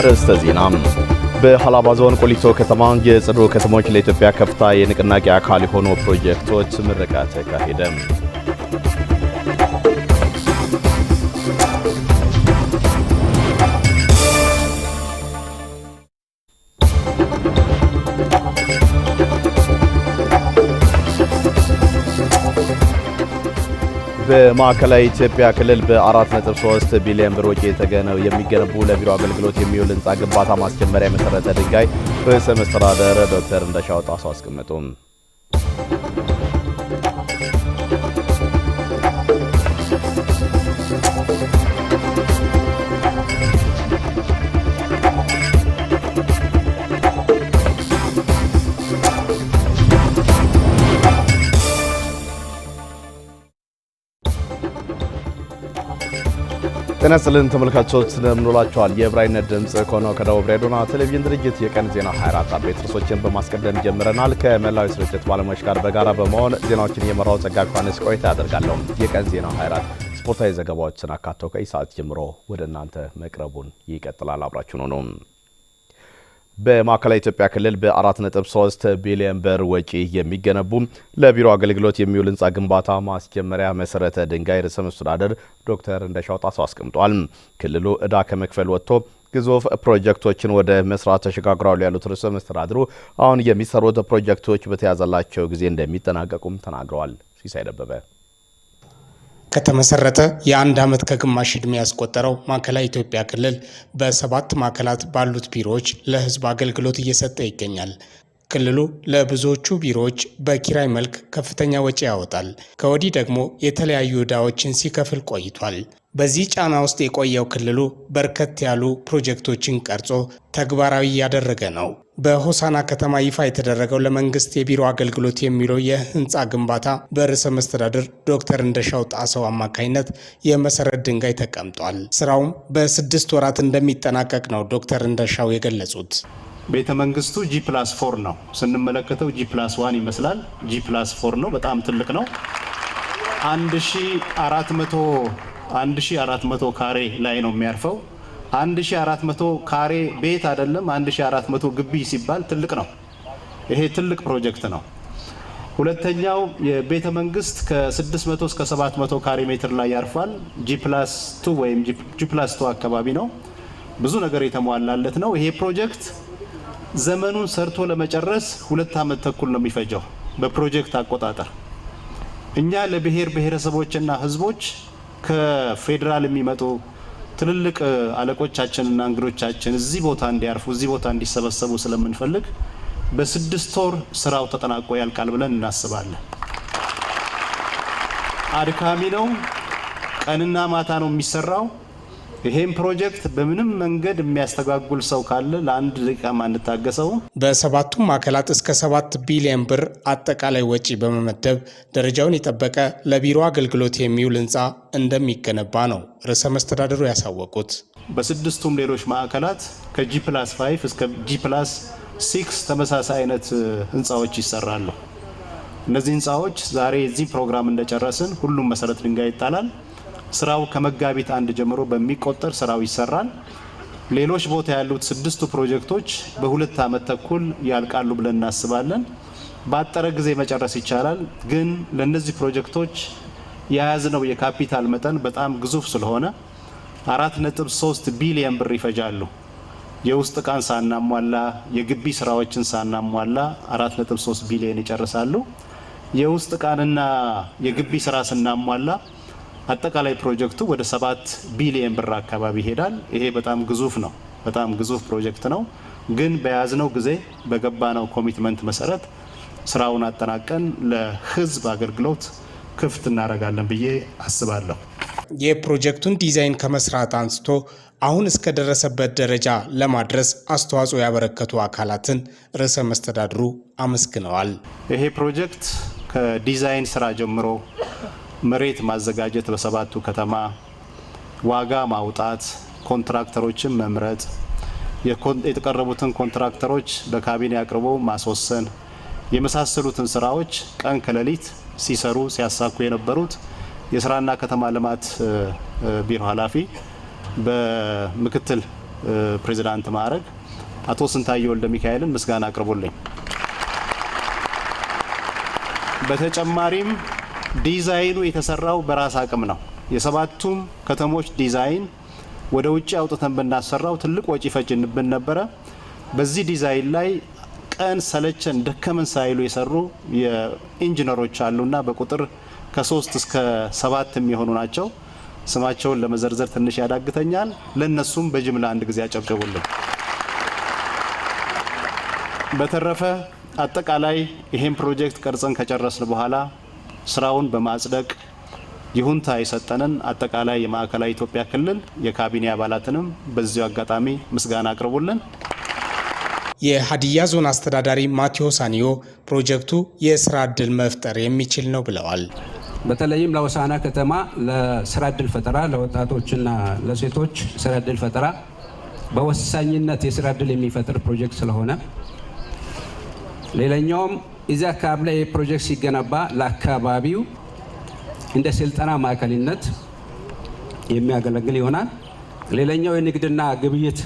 አርዕስተ ዜና። በሀላባ ዞን ቆሊቶ ከተማ የጽዱ ከተሞች ለኢትዮጵያ ከፍታ የንቅናቄ አካል የሆኑ ፕሮጀክቶች ምረቃ ተካሄደ። በማዕከላዊ ኢትዮጵያ ክልል በ4.3 ቢሊዮን ብር ወጪ የሚገነቡ ለቢሮ አገልግሎት የሚውል ህንፃ ግንባታ ማስጀመሪያ የመሰረተ ድንጋይ ርዕሰ መስተዳደር ዶክተር እንደሻው ጣሰው አስቀመጡ። ጤና ይስጥልን ተመልካቾች፣ ስለምንውላችኋል። የብራይነት ድምፅ ከሆነ ከደቡብ ሬዲዮና ቴሌቪዥን ድርጅት የቀን ዜና 24 አበይት ርዕሶችን በማስቀደም ጀምረናል። ከመላዊ ስርጭት ባለሙያዎች ጋር በጋራ በመሆን ዜናዎችን የመራው ጸጋ ኳንስ ቆይታ ያደርጋለሁ። የቀን ዜና 24 ስፖርታዊ ዘገባዎችን አካቶ ሰዓት ጀምሮ ወደ እናንተ መቅረቡን ይቀጥላል። አብራችሁ ነው ነው በማዕከላዊ ኢትዮጵያ ክልል በ4.3 ቢሊዮን ብር ወጪ የሚገነቡ ለቢሮ አገልግሎት የሚውል ህንፃ ግንባታ ማስጀመሪያ መሰረተ ድንጋይ ርዕሰ መስተዳደር ዶክተር እንደሻው ጣሰው አስቀምጧል። ክልሉ እዳ ከመክፈል ወጥቶ ግዙፍ ፕሮጀክቶችን ወደ መስራት ተሸጋግሯሉ ያሉት ርዕሰ መስተዳድሩ አሁን የሚሰሩት ፕሮጀክቶች በተያዘላቸው ጊዜ እንደሚጠናቀቁም ተናግረዋል። ሲሳይ ደበበ ከተመሰረተ የአንድ ዓመት ከግማሽ ዕድሜ ያስቆጠረው ማዕከላዊ ኢትዮጵያ ክልል በሰባት ማዕከላት ባሉት ቢሮዎች ለሕዝብ አገልግሎት እየሰጠ ይገኛል። ክልሉ ለብዙዎቹ ቢሮዎች በኪራይ መልክ ከፍተኛ ወጪ ያወጣል። ከወዲህ ደግሞ የተለያዩ ዕዳዎችን ሲከፍል ቆይቷል። በዚህ ጫና ውስጥ የቆየው ክልሉ በርከት ያሉ ፕሮጀክቶችን ቀርጾ ተግባራዊ እያደረገ ነው። በሆሳና ከተማ ይፋ የተደረገው ለመንግስት የቢሮ አገልግሎት የሚለው የህንፃ ግንባታ በርዕሰ መስተዳድር ዶክተር እንደሻው ጣሰው አማካኝነት የመሰረት ድንጋይ ተቀምጧል። ስራውም በስድስት ወራት እንደሚጠናቀቅ ነው ዶክተር እንደሻው የገለጹት። ቤተ መንግስቱ ጂ ፕላስ ፎር ነው ስንመለከተው፣ ጂ ፕላስ ዋን ይመስላል። ጂ ፕላስ ፎር ነው። በጣም ትልቅ ነው። አንድ ሺ አራት መቶ ካሬ ላይ ነው የሚያርፈው 1400 ካሬ ቤት አይደለም 1400 ግቢ ሲባል ትልቅ ነው። ይሄ ትልቅ ፕሮጀክት ነው። ሁለተኛው የቤተ መንግስት ከ600 እስከ 700 ካሬ ሜትር ላይ ያርፋል ፕላስ ጂፕላስ2 ወይም ጂፕላስ2 አካባቢ ነው። ብዙ ነገር የተሟላለት ነው። ይሄ ፕሮጀክት ዘመኑን ሰርቶ ለመጨረስ ሁለት ዓመት ተኩል ነው የሚፈጀው በፕሮጀክት አቆጣጠር። እኛ ለብሔር ብሔረሰቦችና ህዝቦች ከፌዴራል የሚመጡ ትልልቅ አለቆቻችንና እንግዶቻችን እዚህ ቦታ እንዲያርፉ እዚህ ቦታ እንዲሰበሰቡ ስለምንፈልግ በስድስት ወር ስራው ተጠናቆ ያልቃል ብለን እናስባለን። አድካሚ ነው። ቀንና ማታ ነው የሚሰራው። ይሄን ፕሮጀክት በምንም መንገድ የሚያስተጓጉል ሰው ካለ ለአንድ ደቂቃ ማንታገሰው። በሰባቱም ማዕከላት እስከ ሰባት ቢሊዮን ብር አጠቃላይ ወጪ በመመደብ ደረጃውን የጠበቀ ለቢሮ አገልግሎት የሚውል ህንፃ እንደሚገነባ ነው ርዕሰ መስተዳደሩ ያሳወቁት። በስድስቱም ሌሎች ማዕከላት ከጂ ፕላስ 5 እስከ ጂ ፕላስ ሲክስ ተመሳሳይ አይነት ህንፃዎች ይሰራሉ። እነዚህ ህንፃዎች ዛሬ የዚህ ፕሮግራም እንደጨረስን ሁሉም መሰረት ድንጋይ ይጣላል። ስራው ከመጋቢት አንድ ጀምሮ በሚቆጠር ስራው ይሰራል። ሌሎች ቦታ ያሉት ስድስቱ ፕሮጀክቶች በሁለት አመት ተኩል ያልቃሉ ብለን እናስባለን። በአጠረ ጊዜ መጨረስ ይቻላል፣ ግን ለእነዚህ ፕሮጀክቶች የያዝነው የካፒታል መጠን በጣም ግዙፍ ስለሆነ አራት ነጥብ ሶስት ቢሊየን ብር ይፈጃሉ። የውስጥ እቃን ሳናሟላ የግቢ ስራዎችን ሳናሟላ አራት ነጥብ ሶስት ቢሊየን ይጨርሳሉ። የውስጥ እቃንና የግቢ ስራ ስናሟላ አጠቃላይ ፕሮጀክቱ ወደ ሰባት ቢሊየን ብር አካባቢ ይሄዳል። ይሄ በጣም ግዙፍ ነው፣ በጣም ግዙፍ ፕሮጀክት ነው። ግን በያዝነው ጊዜ በገባነው ኮሚትመንት መሰረት ስራውን አጠናቀን ለህዝብ አገልግሎት ክፍት እናደርጋለን ብዬ አስባለሁ። የፕሮጀክቱን ዲዛይን ከመስራት አንስቶ አሁን እስከደረሰበት ደረጃ ለማድረስ አስተዋጽኦ ያበረከቱ አካላትን ርዕሰ መስተዳድሩ አመስግነዋል። ይሄ ፕሮጀክት ከዲዛይን ስራ ጀምሮ መሬት ማዘጋጀት በሰባቱ ከተማ፣ ዋጋ ማውጣት፣ ኮንትራክተሮችን መምረጥ፣ የተቀረቡትን ኮንትራክተሮች በካቢኔ አቅርቦ ማስወሰን የመሳሰሉትን ስራዎች ቀን ከሌሊት ሲሰሩ ሲያሳኩ የነበሩት የስራና ከተማ ልማት ቢሮ ኃላፊ በምክትል ፕሬዚዳንት ማዕረግ አቶ ስንታየ ወልደ ሚካኤልን ምስጋና አቅርቦልኝ በተጨማሪም ዲዛይኑ የተሰራው በራስ አቅም ነው። የሰባቱም ከተሞች ዲዛይን ወደ ውጭ አውጥተን ብናሰራው ትልቅ ወጪ ፈጅንብን ነበረ። በዚህ ዲዛይን ላይ ቀን ሰለቸን ደከመን ሳይሉ የሰሩ የኢንጂነሮች አሉና በቁጥር ከሶስት እስከ ሰባት የሚሆኑ ናቸው። ስማቸውን ለመዘርዘር ትንሽ ያዳግተኛል። ለነሱም በጅምላ አንድ ጊዜ አጨብጭቡልን። በተረፈ አጠቃላይ ይሄን ፕሮጀክት ቀርጸን ከጨረስን በኋላ ስራውን በማጽደቅ ይሁንታ የሰጠንን አጠቃላይ የማዕከላዊ ኢትዮጵያ ክልል የካቢኔ አባላትንም በዚሁ አጋጣሚ ምስጋና አቅርቡልን። የሀዲያ ዞን አስተዳዳሪ ማቴዎስ አኒዮ ፕሮጀክቱ የስራ እድል መፍጠር የሚችል ነው ብለዋል። በተለይም ለሆሳዕና ከተማ ለስራ እድል ፈጠራ ለወጣቶችና ለሴቶች ስራ እድል ፈጠራ በወሳኝነት የስራ እድል የሚፈጥር ፕሮጀክት ስለሆነ ሌላኛውም እዚህ አካባቢ ላይ የፕሮጀክት ሲገነባ ለአካባቢው እንደ ስልጠና ማዕከልነት የሚያገለግል ይሆናል። ሌላኛው የንግድና ግብይት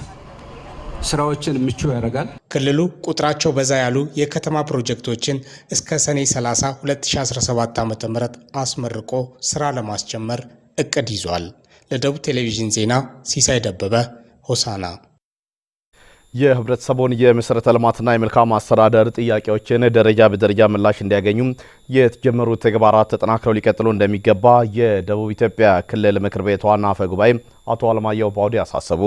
ስራዎችን ምቹ ያደርጋል። ክልሉ ቁጥራቸው በዛ ያሉ የከተማ ፕሮጀክቶችን እስከ ሰኔ 30 2017 ዓ ም አስመርቆ ስራ ለማስጀመር እቅድ ይዟል። ለደቡብ ቴሌቪዥን ዜና ሲሳይ ደበበ ሆሳና የህብረተሰቡን የመሰረተ ልማትና የመልካም አስተዳደር ጥያቄዎችን ደረጃ በደረጃ ምላሽ እንዲያገኙ የተጀመሩ ተግባራት ተጠናክረው ሊቀጥሉ እንደሚገባ የደቡብ ኢትዮጵያ ክልል ምክር ቤት ዋና አፈ ጉባኤ አቶ አለማየሁ ባውዲ አሳሰቡ።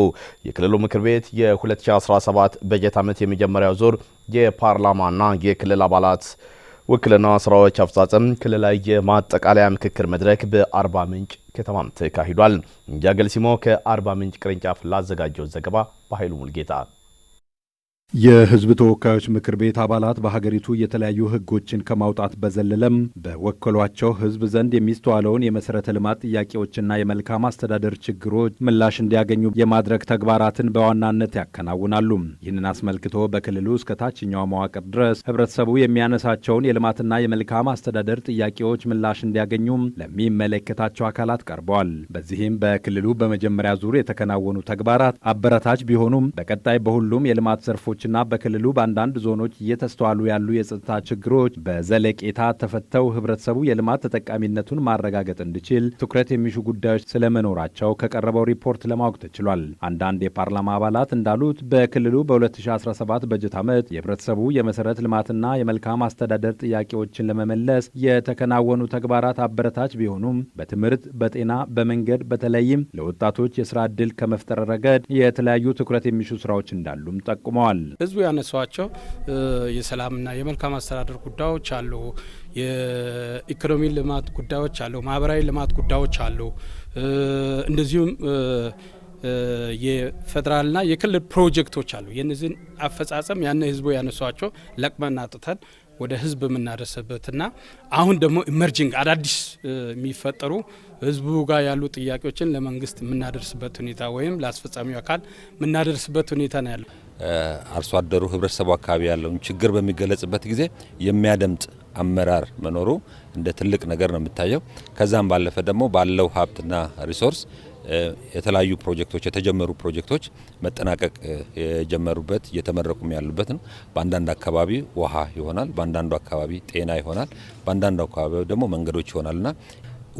የክልሉ ምክር ቤት የ2017 በጀት ዓመት የመጀመሪያው ዙር የፓርላማና የክልል አባላት ውክልና ስራዎች አፈጻጸም ክልላዊ የማጠቃለያ ምክክር መድረክ በአርባ ምንጭ ከተማም ተካሂዷል። እንጃገል ሲሞ ከአርባ ምንጭ ቅርንጫፍ ላዘጋጀው ዘገባ በኃይሉ ሙልጌታ የህዝብ ተወካዮች ምክር ቤት አባላት በሀገሪቱ የተለያዩ ህጎችን ከማውጣት በዘለለም በወከሏቸው ህዝብ ዘንድ የሚስተዋለውን የመሰረተ ልማት ጥያቄዎችና የመልካም አስተዳደር ችግሮች ምላሽ እንዲያገኙ የማድረግ ተግባራትን በዋናነት ያከናውናሉ። ይህንን አስመልክቶ በክልሉ እስከ ታችኛው መዋቅር ድረስ ህብረተሰቡ የሚያነሳቸውን የልማትና የመልካም አስተዳደር ጥያቄዎች ምላሽ እንዲያገኙም ለሚመለከታቸው አካላት ቀርበዋል። በዚህም በክልሉ በመጀመሪያ ዙር የተከናወኑ ተግባራት አበረታች ቢሆኑም በቀጣይ በሁሉም የልማት ዘርፎች ከተሞችና በክልሉ በአንዳንድ ዞኖች እየተስተዋሉ ያሉ የጸጥታ ችግሮች በዘለቄታ ተፈተው ህብረተሰቡ የልማት ተጠቃሚነቱን ማረጋገጥ እንዲችል ትኩረት የሚሹ ጉዳዮች ስለመኖራቸው ከቀረበው ሪፖርት ለማወቅ ተችሏል። አንዳንድ የፓርላማ አባላት እንዳሉት በክልሉ በ2017 በጀት ዓመት የህብረተሰቡ የመሰረት ልማትና የመልካም አስተዳደር ጥያቄዎችን ለመመለስ የተከናወኑ ተግባራት አበረታች ቢሆኑም በትምህርት፣ በጤና፣ በመንገድ በተለይም ለወጣቶች የስራ ዕድል ከመፍጠር ረገድ የተለያዩ ትኩረት የሚሹ ስራዎች እንዳሉም ጠቁመዋል። ህዝቡ ያነሷቸው የሰላምና የመልካም አስተዳደር ጉዳዮች አሉ፣ የኢኮኖሚ ልማት ጉዳዮች አሉ፣ ማህበራዊ ልማት ጉዳዮች አሉ። እንደዚሁም የፌዴራልና የክልል ፕሮጀክቶች አሉ። የነዚህን አፈጻጸም ያን ህዝቡ ያነሷቸው ለቅመን አጥተን ወደ ህዝብ የምናደርስበትና አሁን ደግሞ ኢመርጂንግ አዳዲስ የሚፈጠሩ ህዝቡ ጋር ያሉ ጥያቄዎችን ለመንግስት የምናደርስበት ሁኔታ ወይም ለአስፈጻሚው አካል የምናደርስበት ሁኔታ ነው ያለው። አርሶ አደሩ ህብረተሰቡ አካባቢ ያለውን ችግር በሚገለጽበት ጊዜ የሚያደምጥ አመራር መኖሩ እንደ ትልቅ ነገር ነው የሚታየው። ከዛም ባለፈ ደግሞ ባለው ሀብትና ሪሶርስ የተለያዩ ፕሮጀክቶች የተጀመሩ ፕሮጀክቶች መጠናቀቅ የጀመሩበት እየተመረቁም ያሉበት ነው። በአንዳንድ አካባቢ ውሃ ይሆናል፣ በአንዳንዱ አካባቢ ጤና ይሆናል፣ በአንዳንዱ አካባቢ ደግሞ መንገዶች ይሆናልና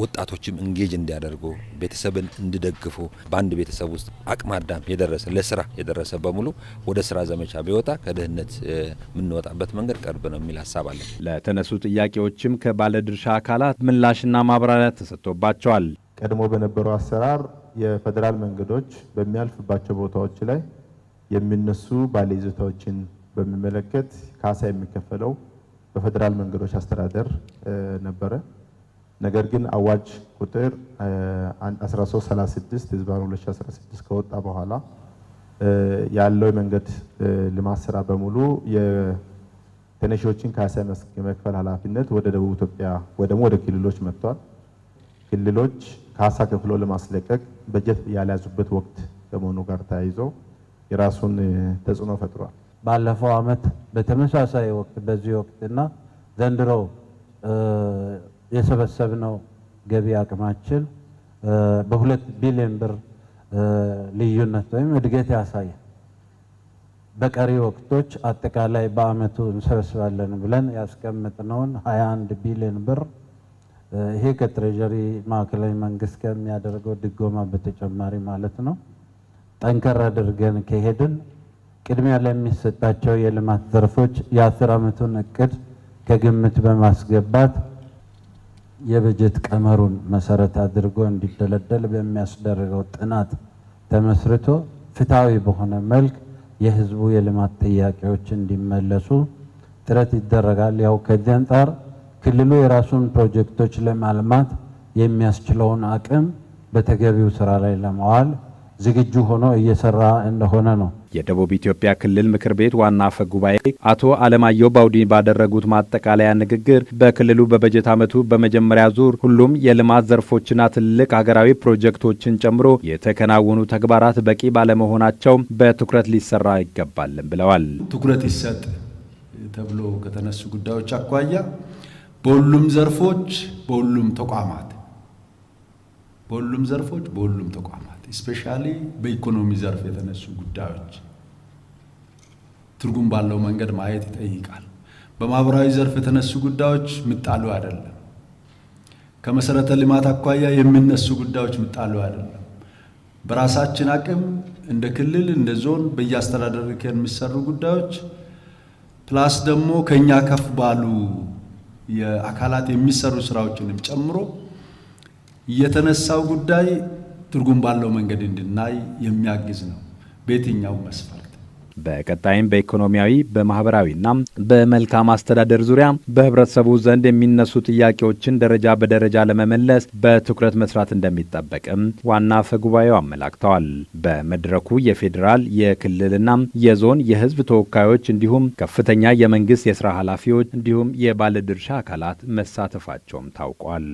ወጣቶችም እንጌጅ እንዲያደርጉ ቤተሰብን እንዲደግፉ በአንድ ቤተሰብ ውስጥ አቅም አዳም የደረሰ ለስራ የደረሰ በሙሉ ወደ ስራ ዘመቻ ቢወጣ ከድህነት የምንወጣበት መንገድ ቅርብ ነው የሚል ሀሳብ አለ። ለተነሱ ጥያቄዎችም ከባለድርሻ አካላት ምላሽና ማብራሪያ ተሰጥቶባቸዋል። ቀድሞ በነበረው አሰራር የፌዴራል መንገዶች በሚያልፍባቸው ቦታዎች ላይ የሚነሱ ባለይዞታዎችን በሚመለከት ካሳ የሚከፈለው በፌዴራል መንገዶች አስተዳደር ነበረ። ነገር ግን አዋጅ ቁጥር 1336 ህዝባዊ 2016 ከወጣ በኋላ ያለው የመንገድ ልማት ስራ በሙሉ የተነሺዎችን ካሳ የመክፈል ኃላፊነት ወደ ደቡብ ኢትዮጵያ ወይ ደግሞ ወደ ክልሎች መጥቷል። ክልሎች ካሳ ከፍሎ ለማስለቀቅ በጀት ያልያዙበት ወቅት ከመሆኑ ጋር ተያይዞ የራሱን ተጽዕኖ ፈጥሯል። ባለፈው ዓመት በተመሳሳይ ወቅት በዚህ ወቅትና ዘንድሮ የሰበሰብነው ገቢ አቅማችን በሁለት ቢሊዮን ብር ልዩነት ወይም እድገት ያሳያል። በቀሪ ወቅቶች አጠቃላይ በአመቱ እንሰበስባለን ብለን ያስቀምጥነውን 21 ቢሊዮን ብር ይሄ ከትሬጀሪ ማዕከላዊ መንግስት ከሚያደርገው ድጎማ በተጨማሪ ማለት ነው። ጠንከር አድርገን ከሄድን ቅድሚያ ለሚሰጣቸው የልማት ዘርፎች የአስር አመቱን እቅድ ከግምት በማስገባት የበጀት ቀመሩን መሰረት አድርጎ እንዲደለደል በሚያስደርገው ጥናት ተመስርቶ ፍትሐዊ በሆነ መልክ የህዝቡ የልማት ጥያቄዎች እንዲመለሱ ጥረት ይደረጋል። ያው ከዚህ አንጻር ክልሉ የራሱን ፕሮጀክቶች ለማልማት የሚያስችለውን አቅም በተገቢው ስራ ላይ ለማዋል ዝግጁ ሆኖ እየሰራ እንደሆነ ነው የደቡብ ኢትዮጵያ ክልል ምክር ቤት ዋና አፈ ጉባኤ አቶ አለማየሁ ባውዲ ባደረጉት ማጠቃለያ ንግግር በክልሉ በበጀት ዓመቱ በመጀመሪያ ዙር ሁሉም የልማት ዘርፎችና ትልቅ ሀገራዊ ፕሮጀክቶችን ጨምሮ የተከናወኑ ተግባራት በቂ ባለመሆናቸው በትኩረት ሊሰራ ይገባልን ብለዋል። ትኩረት ይሰጥ ተብሎ ከተነሱ ጉዳዮች አኳያ በሁሉም ዘርፎች በሁሉም ተቋማት በሁሉም ዘርፎች በሁሉም ተቋማት ስፔሻሊ በኢኮኖሚ ዘርፍ የተነሱ ጉዳዮች ትርጉም ባለው መንገድ ማየት ይጠይቃል። በማህበራዊ ዘርፍ የተነሱ ጉዳዮች ምጣሉ አይደለም። ከመሰረተ ልማት አኳያ የሚነሱ ጉዳዮች ምጣሉ አይደለም። በራሳችን አቅም እንደ ክልል እንደ ዞን በየአስተዳደር የሚሰሩ ጉዳዮች ፕላስ ደግሞ ከኛ ከፍ ባሉ የአካላት የሚሰሩ ስራዎችንም ጨምሮ የተነሳው ጉዳይ ትርጉም ባለው መንገድ እንድናይ የሚያግዝ ነው በየትኛው መስፈርት። በቀጣይም በኢኮኖሚያዊ በማህበራዊና በመልካም አስተዳደር ዙሪያ በህብረተሰቡ ዘንድ የሚነሱ ጥያቄዎችን ደረጃ በደረጃ ለመመለስ በትኩረት መስራት እንደሚጠበቅም ዋና አፈ ጉባኤው አመላክተዋል። በመድረኩ የፌዴራል የክልልና የዞን የህዝብ ተወካዮች እንዲሁም ከፍተኛ የመንግስት የስራ ኃላፊዎች እንዲሁም የባለድርሻ አካላት መሳተፋቸውም ታውቋል።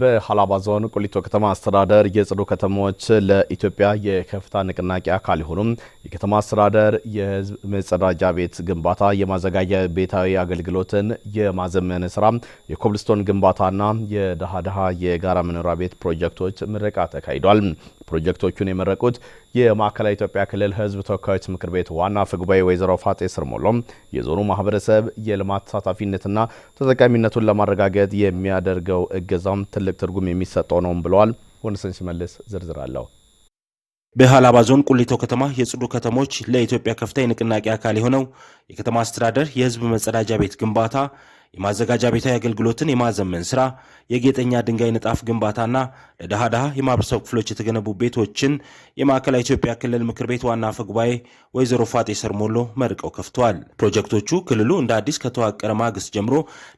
በሀላባ ዞን ቁሊቶ ከተማ አስተዳደር የጽዱ ከተሞች ለኢትዮጵያ የከፍታ ንቅናቄ አካል የሆኑም የከተማ አስተዳደር የህዝብ መጸዳጃ ቤት ግንባታ፣ የማዘጋጃ ቤታዊ አገልግሎትን የማዘመን ስራ፣ የኮብልስቶን ግንባታና የድሃ የጋራ መኖሪያ ቤት ፕሮጀክቶች ምረቃ ተካሂዷል። ፕሮጀክቶቹን የመረቁት የማዕከላዊ ኢትዮጵያ ክልል ሕዝብ ተወካዮች ምክር ቤት ዋና አፈ ጉባኤ ወይዘሮ ፋጤ ስርሞሎም የዞኑ ማህበረሰብ የልማት ተሳታፊነትና ተጠቃሚነቱን ለማረጋገጥ የሚያደርገው እገዛም ትልቅ ትርጉም የሚሰጠው ነውም ብለዋል። ወንድሰን ሲመልስ ዝርዝር አለው። በሃላባ ዞን ቁሊቶ ከተማ የጽዱ ከተሞች ለኢትዮጵያ ከፍታ የንቅናቄ አካል የሆነው የከተማ አስተዳደር የህዝብ መጸዳጃ ቤት ግንባታ የማዘጋጃ ቤታዊ አገልግሎትን የማዘመን ስራ፣ የጌጠኛ ድንጋይ ንጣፍ ግንባታና ለድሃ ድሃ የማህበረሰብ ክፍሎች የተገነቡ ቤቶችን የማዕከላዊ ኢትዮጵያ ክልል ምክር ቤት ዋና አፈ ጉባኤ ወይዘሮ ፋጤ ሰርሞሎ መርቀው ከፍተዋል። ፕሮጀክቶቹ ክልሉ እንደ አዲስ ከተዋቀረ ማግስት ጀምሮ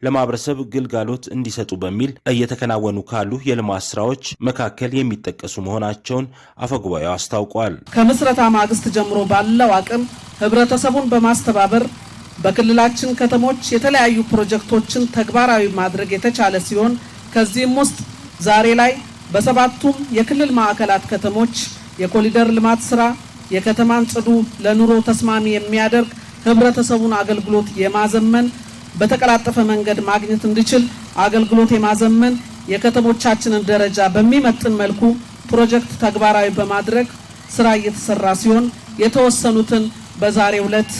ለማህበረሰብ ግልጋሎት እንዲሰጡ በሚል እየተከናወኑ ካሉ የልማት ስራዎች መካከል የሚጠቀሱ መሆናቸውን አፈጉባኤው አስታውቋል። ከምስረታ ማግስት ጀምሮ ባለው አቅም ህብረተሰቡን በማስተባበር በክልላችን ከተሞች የተለያዩ ፕሮጀክቶችን ተግባራዊ ማድረግ የተቻለ ሲሆን ከዚህም ውስጥ ዛሬ ላይ በሰባቱም የክልል ማዕከላት ከተሞች የኮሊደር ልማት ስራ የከተማን ጽዱ ለኑሮ ተስማሚ የሚያደርግ ህብረተሰቡን አገልግሎት የማዘመን በተቀላጠፈ መንገድ ማግኘት እንዲችል አገልግሎት የማዘመን የከተሞቻችንን ደረጃ በሚመጥን መልኩ ፕሮጀክት ተግባራዊ በማድረግ ስራ እየተሰራ ሲሆን የተወሰኑትን በዛሬው ዕለት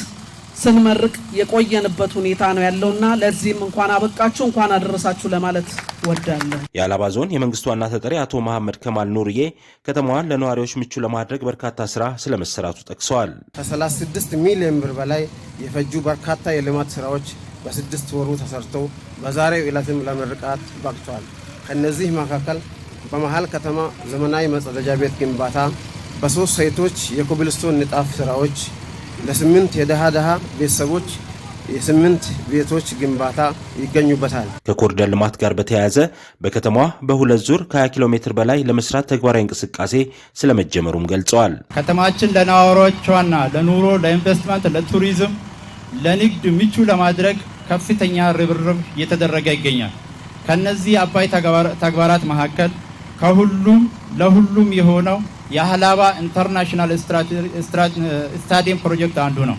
ስንመርቅ የቆየንበት ሁኔታ ነው ያለውና ለዚህም እንኳን አበቃችሁ እንኳን አደረሳችሁ ለማለት ወዳለሁ። የአላባ ዞን የመንግስት ዋና ተጠሪ አቶ መሐመድ ከማል ኑርዬ ከተማዋን ለነዋሪዎች ምቹ ለማድረግ በርካታ ስራ ስለመሰራቱ ጠቅሰዋል። ከ36 ሚሊዮን ብር በላይ የፈጁ በርካታ የልማት ስራዎች በስድስት ወሩ ተሰርተው በዛሬው ዕለትም ለምርቃት በቅቷል። ከእነዚህ መካከል በመሀል ከተማ ዘመናዊ መጸደጃ ቤት ግንባታ፣ በሶስት ሳይቶች የኮብልስቶን ንጣፍ ስራዎች ለስምንት የደሃ ደሃ ቤተሰቦች የስምንት ቤቶች ግንባታ ይገኙበታል። ከኮሪደር ልማት ጋር በተያያዘ በከተማዋ በሁለት ዙር ከ20 ኪሎ ሜትር በላይ ለመስራት ተግባራዊ እንቅስቃሴ ስለመጀመሩም ገልጸዋል። ከተማችን ለነዋሪዎቿና ለኑሮ፣ ለኢንቨስትመንት፣ ለቱሪዝም፣ ለንግድ ምቹ ለማድረግ ከፍተኛ ርብርብ እየተደረገ ይገኛል። ከነዚህ አባይ ተግባራት መካከል ከሁሉም ለሁሉም የሆነው የሀላባ ኢንተርናሽናል ስታዲየም ፕሮጀክት አንዱ ነው።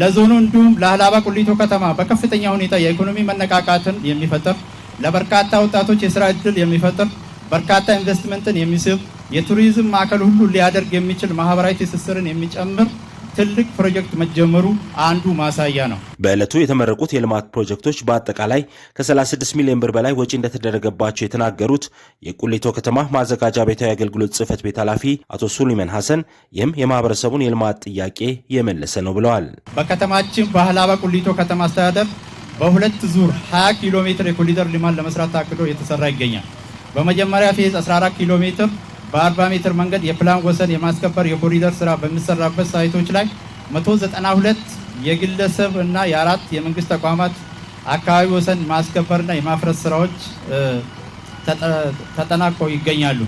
ለዞኑ እንዲሁም ለሀላባ ቁሊቶ ከተማ በከፍተኛ ሁኔታ የኢኮኖሚ መነቃቃትን የሚፈጥር ለበርካታ ወጣቶች የስራ እድል የሚፈጥር በርካታ ኢንቨስትመንትን የሚስብ የቱሪዝም ማዕከል ሁሉ ሊያደርግ የሚችል ማህበራዊ ትስስርን የሚጨምር ትልቅ ፕሮጀክት መጀመሩ አንዱ ማሳያ ነው። በዕለቱ የተመረቁት የልማት ፕሮጀክቶች በአጠቃላይ ከ36 ሚሊዮን ብር በላይ ወጪ እንደተደረገባቸው የተናገሩት የቁሊቶ ከተማ ማዘጋጃ ቤታዊ አገልግሎት ጽህፈት ቤት ኃላፊ አቶ ሱሊመን ሐሰን ይህም የማህበረሰቡን የልማት ጥያቄ የመለሰ ነው ብለዋል። በከተማችን ባህላባ ቁሊቶ ከተማ አስተዳደር በሁለት ዙር 20 ኪሎ ሜትር የኮሊደር ልማት ለመስራት ታቅዶ እየተሰራ ይገኛል። በመጀመሪያ ፌዝ 14 ኪሎ ሜትር በ ሜትር መንገድ የፕላን ወሰን የማስከበር የኮሪደር ስራ በሚሰራበት ሳይቶች ላይ 192 የግለሰብ እና የአራት የመንግስት ተቋማት አካባቢ ወሰን ማስከበርና የማፍረስ ስራዎች ተጠናቀው ይገኛሉ።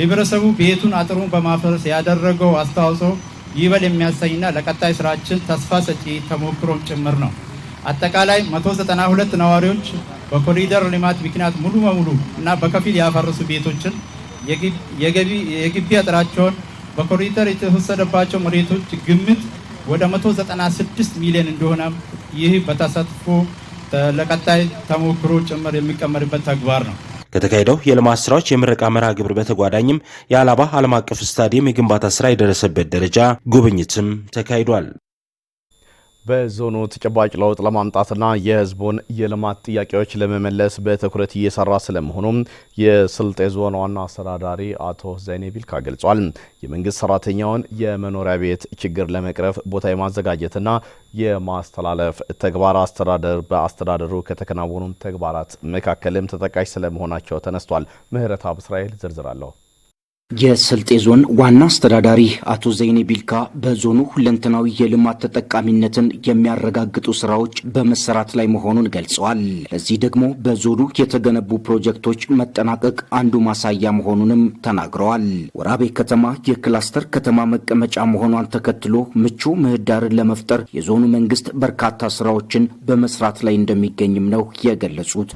ህብረተሰቡ ቤቱን አጥሩን በማፍረስ ያደረገው አስተዋጽኦ ይበል የሚያሰኝና ለቀጣይ ስራችን ተስፋ ሰጪ ተሞክሮም ጭምር ነው። አጠቃላይ 192 ነዋሪዎች በኮሪደር ልማት ምክንያት ሙሉ በሙሉ እና በከፊል ያፈረሱ ቤቶችን የግቢ አጥራቸውን በኮሪደር የተወሰደባቸው መሬቶች ግምት ወደ 196 ሚሊዮን እንደሆነ ይህ በተሳትፎ ለቀጣይ ተሞክሮ ጭምር የሚቀመርበት ተግባር ነው። ከተካሄደው የልማት ስራዎች የምረቃ መርሃ ግብር በተጓዳኝም የአላባ ዓለም አቀፍ ስታዲየም የግንባታ ስራ የደረሰበት ደረጃ ጉብኝትም ተካሂዷል። በዞኑ ተጨባጭ ለውጥ ለማምጣትና የህዝቡን የልማት ጥያቄዎች ለመመለስ በትኩረት እየሰራ ስለመሆኑም የስልጤ ዞን ዋና አስተዳዳሪ አቶ ዘይኔ ቢልካ ገልጿል። የመንግስት ሰራተኛውን የመኖሪያ ቤት ችግር ለመቅረፍ ቦታ የማዘጋጀትና የማስተላለፍ ተግባር አስተዳደር በአስተዳደሩ ከተከናወኑ ተግባራት መካከልም ተጠቃሽ ስለመሆናቸው ተነስቷል። ምህረት አብ እስራኤል ዝርዝር አለው የስልጤ ዞን ዋና አስተዳዳሪ አቶ ዘይኔ ቢልካ በዞኑ ሁለንተናዊ የልማት ተጠቃሚነትን የሚያረጋግጡ ስራዎች በመሰራት ላይ መሆኑን ገልጸዋል። ለዚህ ደግሞ በዞኑ የተገነቡ ፕሮጀክቶች መጠናቀቅ አንዱ ማሳያ መሆኑንም ተናግረዋል። ወራቤ ከተማ የክላስተር ከተማ መቀመጫ መሆኗን ተከትሎ ምቹ ምህዳርን ለመፍጠር የዞኑ መንግስት በርካታ ስራዎችን በመስራት ላይ እንደሚገኝም ነው የገለጹት።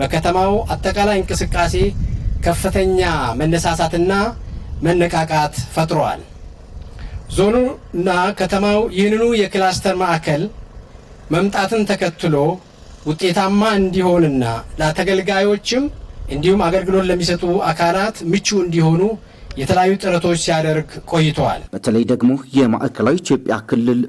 በከተማው አጠቃላይ እንቅስቃሴ ከፍተኛ መነሳሳትና መነቃቃት ፈጥሯል። ዞኑ እና ከተማው ይህንኑ የክላስተር ማዕከል መምጣትን ተከትሎ ውጤታማ እንዲሆንና ለተገልጋዮችም እንዲሁም አገልግሎት ለሚሰጡ አካላት ምቹ እንዲሆኑ የተለያዩ ጥረቶች ሲያደርግ ቆይተዋል። በተለይ ደግሞ የማዕከላዊ ኢትዮጵያ ክልል